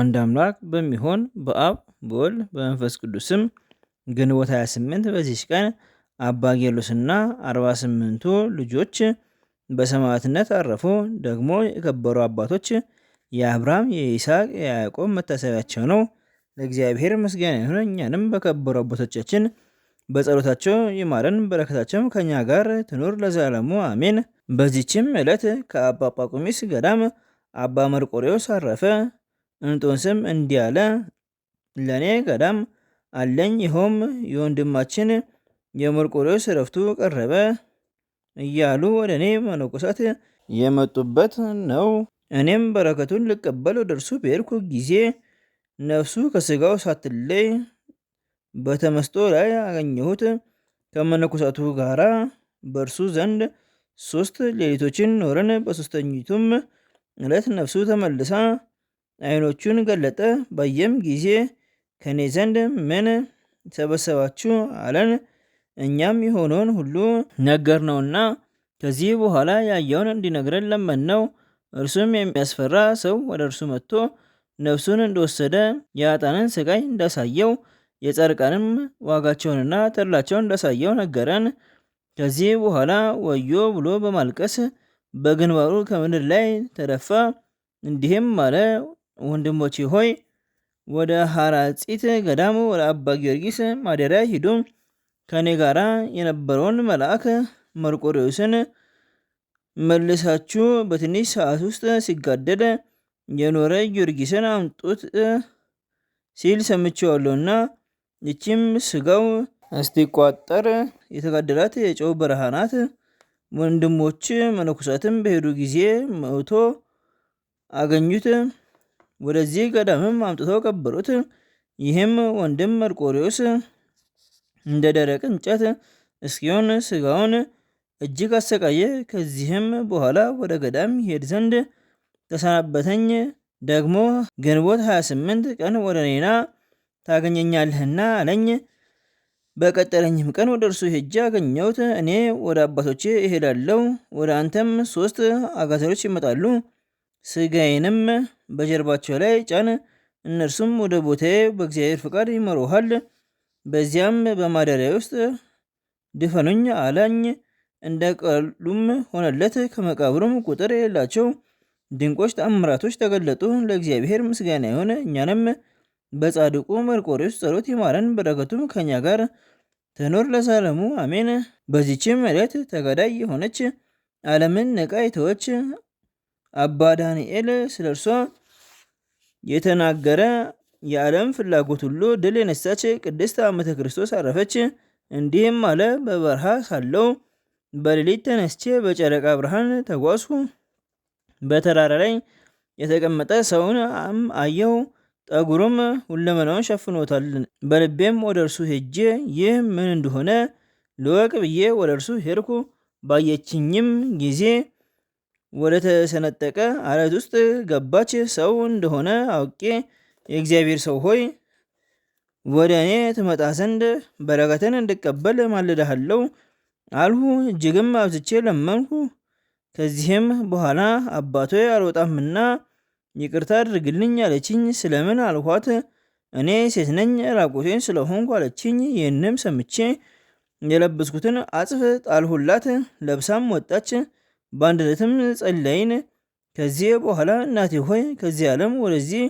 አንድ አምላክ በሚሆን በአብ በወልድ በመንፈስ ቅዱስም ግንቦት 28 በዚች ቀን አባ ጌሎስና 48ቱ ልጆች በሰማዕትነት አረፉ። ደግሞ የከበሩ አባቶች የአብርሃም የይስሐቅ የያዕቆብ መታሰቢያቸው ነው። ለእግዚአብሔር ምስጋና ይሁን፣ እኛንም በከበሩ አባቶቻችን በጸሎታቸው ይማረን፣ በረከታቸውም ከእኛ ጋር ትኑር ለዘላለሙ አሜን። በዚችም ዕለት ከአባ ጳቁሚስ ገዳም አባ መርቆሬዎስ አረፈ። እንጦንስም እንዲህ አለ፣ ለእኔ ቀዳም አለኝ። ይኸውም የወንድማችን የመርቆሬዎስ እረፍቱ ቀረበ እያሉ ወደ እኔ መነኮሳት የመጡበት ነው። እኔም በረከቱን ልቀበል ወደ እርሱ በሄድኩ ጊዜ ነፍሱ ከስጋው ሳትለይ በተመስጦ ላይ አገኘሁት። ከመነኮሳቱ ጋራ በእርሱ ዘንድ ሶስት ሌሊቶችን ኖረን በሶስተኝቱም እለት ነፍሱ ተመልሳ ዓይኖቹን ገለጠ። ባየም ጊዜ ከእኔ ዘንድ ምን ሰበሰባችሁ አለን። እኛም የሆነውን ሁሉ ነገር ነውና ከዚህ በኋላ ያየውን እንዲነግረን ለመን ነው። እርሱም የሚያስፈራ ሰው ወደ እርሱ መጥቶ ነፍሱን እንደወሰደ የአጣንን ስቃይ እንዳሳየው የጻድቃንም ዋጋቸውንና ተድላቸውን እንዳሳየው ነገረን። ከዚህ በኋላ ወዮ ብሎ በማልቀስ በግንባሩ ከምድር ላይ ተደፋ፣ እንዲህም አለ፦ ወንድሞቼ ሆይ ወደ ሐራጺት ገዳም ወደ አባ ጊዮርጊስ ማደሪያ ሂዱ። ከእኔ ጋር የነበረውን መልአክ መርቆሬዎስን መልሳችሁ በትንሽ ሰዓት ውስጥ ሲጋደል የኖረ ጊዮርጊስን አምጡት ሲል ሰምቼዋለሁና ይቺም ስጋው እስቲቋጠር የተጋደላት የጨው በረሃ ናት። ወንድሞች መነኮሳትም በሄዱ ጊዜ መውቶ አገኙት። ወደዚህ ገዳምም አምጥተው ቀበሩት። ይህም ወንድም መርቆሪዎስ እንደ ደረቅ እንጨት እስኪሆን ስጋውን እጅግ አሰቃየ። ከዚህም በኋላ ወደ ገዳም ይሄድ ዘንድ ተሰናበተኝ። ደግሞ ግንቦት 28 ቀን ወደ ኔና ታገኘኛለህና አለኝ። በቀጠለኝም ቀን ወደ እርሱ ሄጄ አገኘሁት። እኔ ወደ አባቶቼ እሄዳለሁ፣ ወደ አንተም ሶስት አጋዘኖች ይመጣሉ ስጋዬንም በጀርባቸው ላይ ጫን፣ እነርሱም ወደ ቦታዬ በእግዚአብሔር ፍቃድ ይመሩሃል፣ በዚያም በማደሪያ ውስጥ ድፈኑኝ አላኝ። እንደ ቃሉም ሆነለት። ከመቃብሩም ቁጥር የሌላቸው ድንቆች ተአምራቶች ተገለጡ። ለእግዚአብሔር ምስጋና ይሁን፣ እኛንም በጻድቁ መርቆሬዎስ ጸሎት ይማረን፣ በረከቱም ከኛ ጋር ትኖር ለዘላለሙ አሜን። በዚችም ዕለት ተጋዳይ የሆነች ዓለምን ነቃ የተወች አባ ዳንኤል ስለ እርሷ የተናገረ የዓለም ፍላጎት ሁሉ ድል የነሳች ቅድስት ዓመተ ክርስቶስ አረፈች። እንዲህም አለ። በበረሃ ሳለው በሌሊት ተነስቼ በጨረቃ ብርሃን ተጓዝኩ። በተራራ ላይ የተቀመጠ ሰውን አየው፣ ጠጉሩም ሁለመናውን ሸፍኖታል። በልቤም ወደ እርሱ ሄጄ ይህ ምን እንደሆነ ልወቅ ብዬ ወደ እርሱ ሄድኩ። ባየችኝም ጊዜ ወደ ተሰነጠቀ አለት ውስጥ ገባች። ሰው እንደሆነ አውቄ የእግዚአብሔር ሰው ሆይ ወደ እኔ ትመጣ ዘንድ በረከትን እንድቀበል ማልዳሃለው አልሁ። እጅግም አብዝቼ ለመንሁ። ከዚህም በኋላ አባቶ አልወጣምና ይቅርታ አድርግልኝ አለችኝ። ስለምን አልኋት። እኔ ሴት ነኝ ራቁቴን ስለሆንኩ አለችኝ። ይህንም ሰምቼ የለበስኩትን አጽፍ ጣልሁላት። ለብሳም ወጣች። በአንድነትም ጸለይን። ከዚህ በኋላ እናቴ ሆይ ከዚህ ዓለም ወደዚህ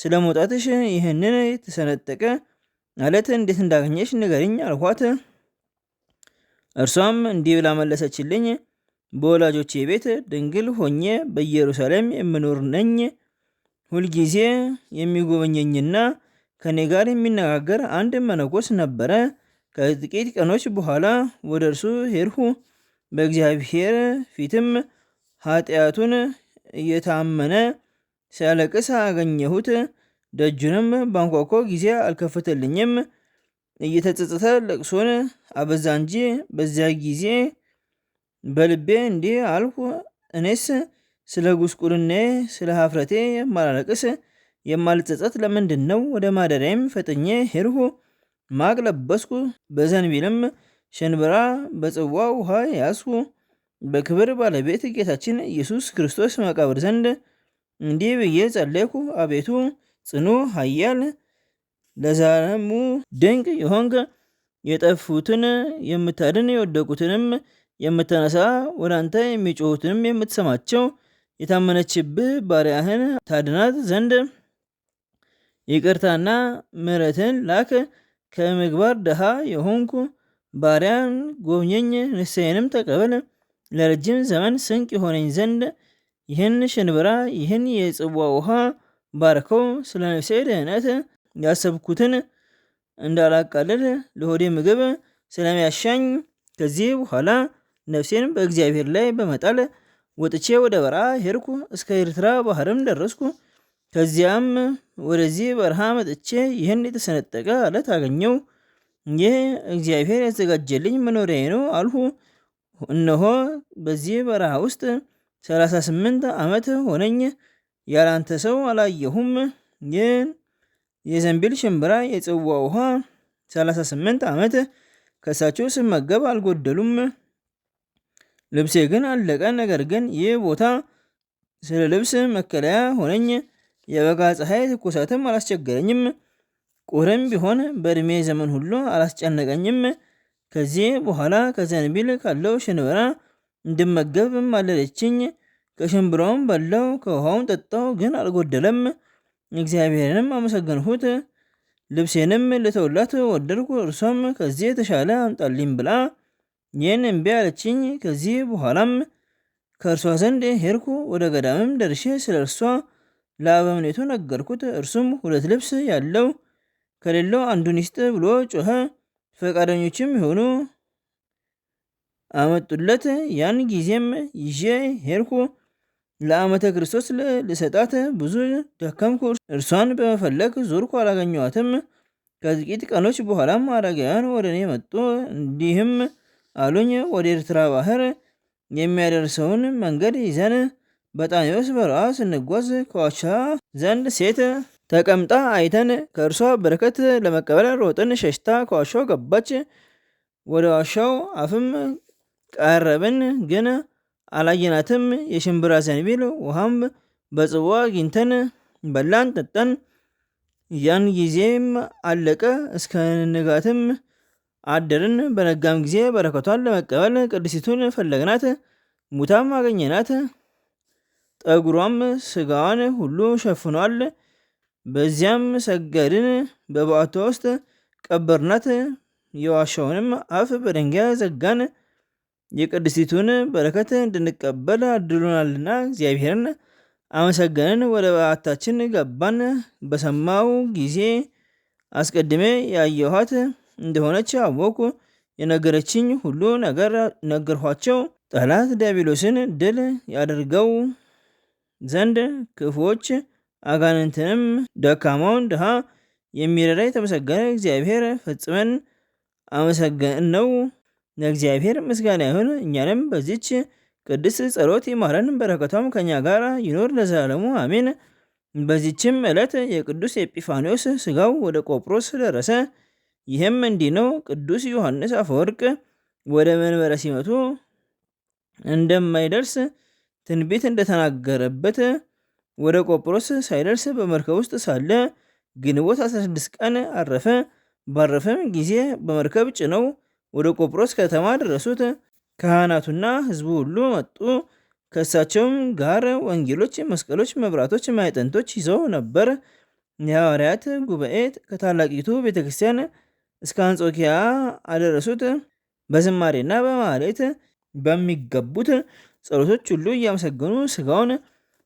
ስለ መውጣትሽ ይህንን የተሰነጠቀ አለት እንዴት እንዳገኘሽ ንገርኝ አልኋት። እርሷም እንዲህ ብላ መለሰችልኝ። በወላጆቼ ቤት ድንግል ሆኜ በኢየሩሳሌም የምኖር ነኝ። ሁልጊዜ የሚጎበኘኝና ከኔ ጋር የሚነጋገር አንድ መነኮስ ነበረ። ከጥቂት ቀኖች በኋላ ወደ እርሱ ሄድሁ። በእግዚአብሔር ፊትም ኃጢአቱን እየታመነ ሲያለቅስ አገኘሁት። ደጁንም ባንኳኮ ጊዜ አልከፈተልኝም። እየተጸጸተ ለቅሶን አበዛ እንጂ። በዚያ ጊዜ በልቤ እንዲህ አልሁ፣ እኔስ ስለ ጉስቁልኔ ስለ ሀፍረቴ የማላለቅስ የማልጸጸት ለምንድን ነው? ወደ ማደሪያም ፈጥኜ ሄድሁ። ማቅ ለበስኩ፣ በዘንቢልም ሸንበራ በጽዋ ውሃ ያስቡ። በክብር ባለቤት ጌታችን ኢየሱስ ክርስቶስ መቃብር ዘንድ እንዲህ ብዬ ጸለይኩ። አቤቱ ጽኑ ኃያል ለዛለሙ ድንቅ የሆንክ የጠፉትን የምታድን የወደቁትንም የምተነሳ ወደ አንተ የሚጮሁትንም የምትሰማቸው የታመነችብህ ባሪያህን ታድናት ዘንድ ይቅርታና ምሕረትን ላክ። ከምግባር ድሃ የሆንኩ ባሪያን ጎብኘኝ፣ ንስዬንም ተቀበል። ለረጅም ዘመን ስንቅ የሆነኝ ዘንድ ይህን ሽንብራ፣ ይህን የጽዋ ውሃ ባርከው። ስለ ነፍሴ ድህነት ያሰብኩትን እንዳላቃልል ለሆዴ ምግብ ስለሚያሻኝ ከዚህ በኋላ ነፍሴን በእግዚአብሔር ላይ በመጣል ወጥቼ ወደ በረሃ ሄድኩ። እስከ ኤርትራ ባህርም ደረስኩ። ከዚያም ወደዚህ በረሃ መጥቼ ይህን የተሰነጠቀ አለት አገኘው። ይህ እግዚአብሔር ያዘጋጀልኝ መኖሪያዬ ነው አልሁ። እነሆ በዚህ በረሃ ውስጥ 38 ዓመት ሆነኝ፣ ያላንተ ሰው አላየሁም። ይህ የዘንቢል ሽምብራ የጽዋ ውሃ 38 ዓመት ከእሳቸው ስመገብ አልጎደሉም። ልብሴ ግን አለቀ። ነገር ግን ይህ ቦታ ስለ ልብስ መከለያ ሆነኝ፣ የበጋ ፀሐይ ትኩሳትም አላስቸገረኝም። ቁርም ቢሆን በእድሜ ዘመን ሁሉ አላስጨነቀኝም። ከዚህ በኋላ ከዘንቢል ካለው ሽንብራ እንድመገብ ማለደችኝ። ከሽንብራውም በላው፣ ከውሃውም ጠጣው፣ ግን አልጎደለም። እግዚአብሔርንም አመሰገንሁት። ልብሴንም ልተውላት ወደድኩ። እርሷም ከዚህ የተሻለ አምጣልኝ ብላ ይህን እምቢ አለችኝ። ከዚህ በኋላም ከእርሷ ዘንድ ሄድኩ። ወደ ገዳምም ደርሼ ስለ እርሷ ለአበምኔቱ ነገርኩት። እርሱም ሁለት ልብስ ያለው ከሌለው አንዱን ይስጥ ብሎ ጮኸ። ፈቃደኞችም የሆኑ አመጡለት። ያን ጊዜም ይዤ ሄድኩ። ለአመተ ክርስቶስ ልሰጣት ብዙ ደከምኩ። እርሷን በመፈለግ ዞርኩ፣ አላገኘዋትም። ከጥቂት ቀኖች በኋላም አረጋውያን ወደ እኔ መጡ። እንዲህም አሉኝ፣ ወደ ኤርትራ ባህር የሚያደርሰውን መንገድ ይዘን በጣኔዎስ በረሃ ስንጓዝ ከዋሻ ዘንድ ሴት ተቀምጣ አይተን ከእርሷ በረከት ለመቀበል ሮጥን። ሸሽታ ከዋሻው ገባች። ወደ ዋሻው አፍም ቀረብን፣ ግን አላየናትም። የሽምብራ ዘንቢል ውሃም በጽዋ አግኝተን በላን፣ ጠጠን ያን ጊዜም አለቀ። እስከ ንጋትም አደርን። በነጋም ጊዜ በረከቷን ለመቀበል ቅድስቲቱን ፈለግናት፣ ሙታም አገኘናት። ጠጉሯም ስጋዋን ሁሉ ሸፍኗል። በዚያም ሰገድን፣ በባዕቷ ውስጥ ቀበርናት፣ የዋሻውንም አፍ በድንጋይ ዘጋን። የቅድስቲቱን በረከት እንድንቀበል አድሎናልና እግዚአብሔርን አመሰገንን። ወደ በዓታችን ገባን። በሰማው ጊዜ አስቀድሜ ያየኋት እንደሆነች አወኩ። የነገረችኝ ሁሉ ነገር ነገርኋቸው። ጠላት ዲያብሎስን ድል ያደርገው ዘንድ ክፉዎች አጋንንትንም ደካማውን ድሃ የሚረዳ የተመሰገነ እግዚአብሔር ፈጽመን አመሰገን ነው። ለእግዚአብሔር ምስጋና ይሁን። እኛንም በዚች ቅድስት ጸሎት ይማረን፣ በረከቷም ከኛ ጋር ይኖር ለዘላለሙ አሜን። በዚችም ዕለት የቅዱስ ኤጲፋኒዎስ ስጋው ወደ ቆጵሮስ ደረሰ። ይህም እንዲህ ነው። ቅዱስ ዮሐንስ አፈወርቅ ወደ መንበረ ሲመቱ እንደማይደርስ ትንቢት እንደተናገረበት ወደ ቆጵሮስ ሳይደርስ በመርከብ ውስጥ ሳለ ግንቦት 16 ቀን አረፈ። ባረፈም ጊዜ በመርከብ ጭነው ወደ ቆጵሮስ ከተማ ደረሱት። ካህናቱና ሕዝቡ ሁሉ መጡ። ከእሳቸውም ጋር ወንጌሎች፣ መስቀሎች፣ መብራቶች፣ ማዕጠንቶች ይዘው ነበር። የሐዋርያት ጉባኤ ከታላቂቱ ቤተ ክርስቲያን እስከ አንጾኪያ አደረሱት። በዝማሬና በማኅሌት በሚገቡት ጸሎቶች ሁሉ እያመሰገኑ ስጋውን።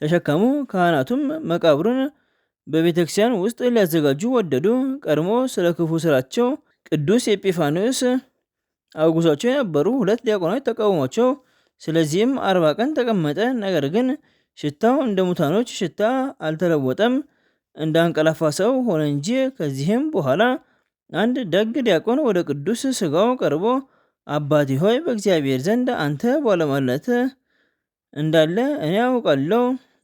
ተሸከሙ። ካህናቱም መቃብሩን በቤተክርስቲያን ውስጥ ሊያዘጋጁ ወደዱ። ቀድሞ ስለ ክፉ ስራቸው ቅዱስ ኤጲፋንዮስ አውጉሳቸው የነበሩ ሁለት ዲያቆናት ተቃውሟቸው። ስለዚህም አርባ ቀን ተቀመጠ። ነገር ግን ሽታው እንደ ሙታኖች ሽታ አልተለወጠም፣ እንደ አንቀላፋ ሰው ሆነ እንጂ። ከዚህም በኋላ አንድ ደግ ዲያቆን ወደ ቅዱስ ስጋው ቀርቦ አባቴ ሆይ በእግዚአብሔር ዘንድ አንተ ባለማለት እንዳለ እኔ አውቃለሁ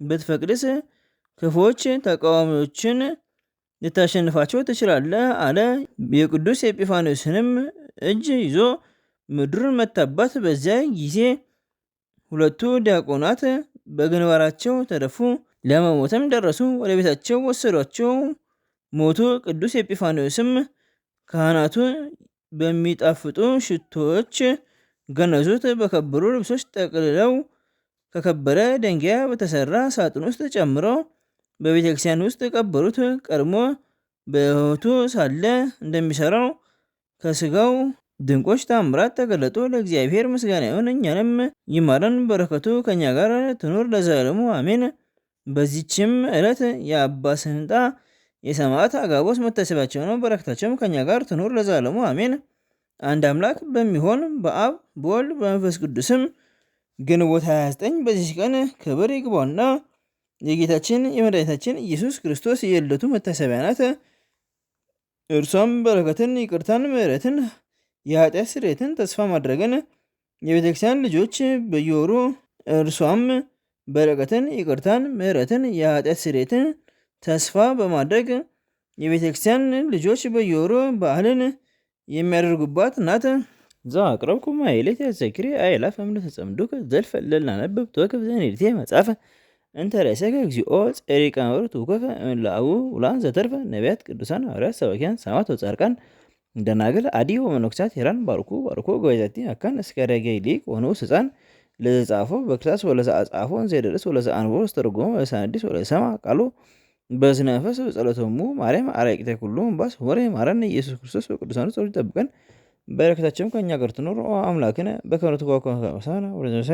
ብትፈቅድስ ክፎች ተቃዋሚዎችን ልታሸንፋቸው ትችላለህ አለ። የቅዱስ ኤጲፋኖስንም እጅ ይዞ ምድሩን መታባት። በዚያ ጊዜ ሁለቱ ዲያቆናት በግንባራቸው ተደፉ፣ ለመሞትም ደረሱ። ወደ ቤታቸው ወሰዷቸው፣ ሞቱ። ቅዱስ ኤጲፋኖስም ካህናቱ በሚጣፍጡ ሽቶዎች ገነዙት። በከበሩ ልብሶች ጠቅልለው ከከበረ ደንጊያ በተሰራ ሳጥን ውስጥ ጨምሮ በቤተ ክርስቲያን ውስጥ ቀበሩት። ቀድሞ በሕይወቱ ሳለ እንደሚሰራው ከስጋው ድንቆች ታምራት ተገለጡ። ለእግዚአብሔር ምስጋና ይሁን፣ እኛንም ይማረን፣ በረከቱ ከእኛ ጋር ትኑር ለዘላለሙ አሜን። በዚችም ዕለት የአባ ስንጣ የሰማዕት አጋቦስ መታሰቢያቸው ነው። በረከታቸውም ከእኛ ጋር ትኑር ለዘላለሙ አሜን። አንድ አምላክ በሚሆን በአብ በወልድ በመንፈስ ቅዱስም ግንቦት 29 በዚህ ቀን ክብር ይግባውና የጌታችን የመድኃኒታችን ኢየሱስ ክርስቶስ የልደቱ መታሰቢያ ናት። እርሷም በረከትን፣ ይቅርታን፣ ምሕረትን፣ የኃጢአት ስርየትን ተስፋ ማድረግን የቤተክርስቲያን ልጆች በየወሩ እርሷም በረከትን፣ ይቅርታን፣ ምሕረትን፣ የኃጢአት ስርየትን ተስፋ በማድረግ የቤተክርስቲያን ልጆች በየወሩ በዓልን የሚያደርጉባት ናት። ዘአቅረብኩማ ኢለየ ተዘኪሬ አእላፈ እምለተጸምዱከ ዘልፈለልና ነብብ ተወከፍ ዘንዴትየ መጽሐፈ እንተ ርእሰከ እግዚኦ ጼሪቀ መብርቱከፈ እምላእዉ ውላን ዘተርፈ ነቢያት ቅዱሳን ሐዋርያት ሰባኪያን ሰማዕት ወጻድቃን ደናግል አዲ ወመነኮሳት ሄራን ባርኩ ባርኮ ገባይዛቲ አካን እስከ ረገይ ሊቅ ወንዑስ ሕፃን ለዘጻፎ በክሳስ ወለዘአጻፎ እንዘደርስ ወለዘአንቦ ወስተርጎሞ ወለዘአንዲስ ወለዘሰማ ቃሎ በዝነ መንፈስ በጸሎቶሙ ማርያም አራቂተ ኩሉ እምባስ ወሬ ማረን ኢየሱስ ክርስቶስ በቅዱሳኑ ጸሎት ይጠብቀን። በረከታችንም ከእኛ ጋር ትኑር። አምላክነ በከመ ንትባወክ በከመ ሳህነ ወለዘ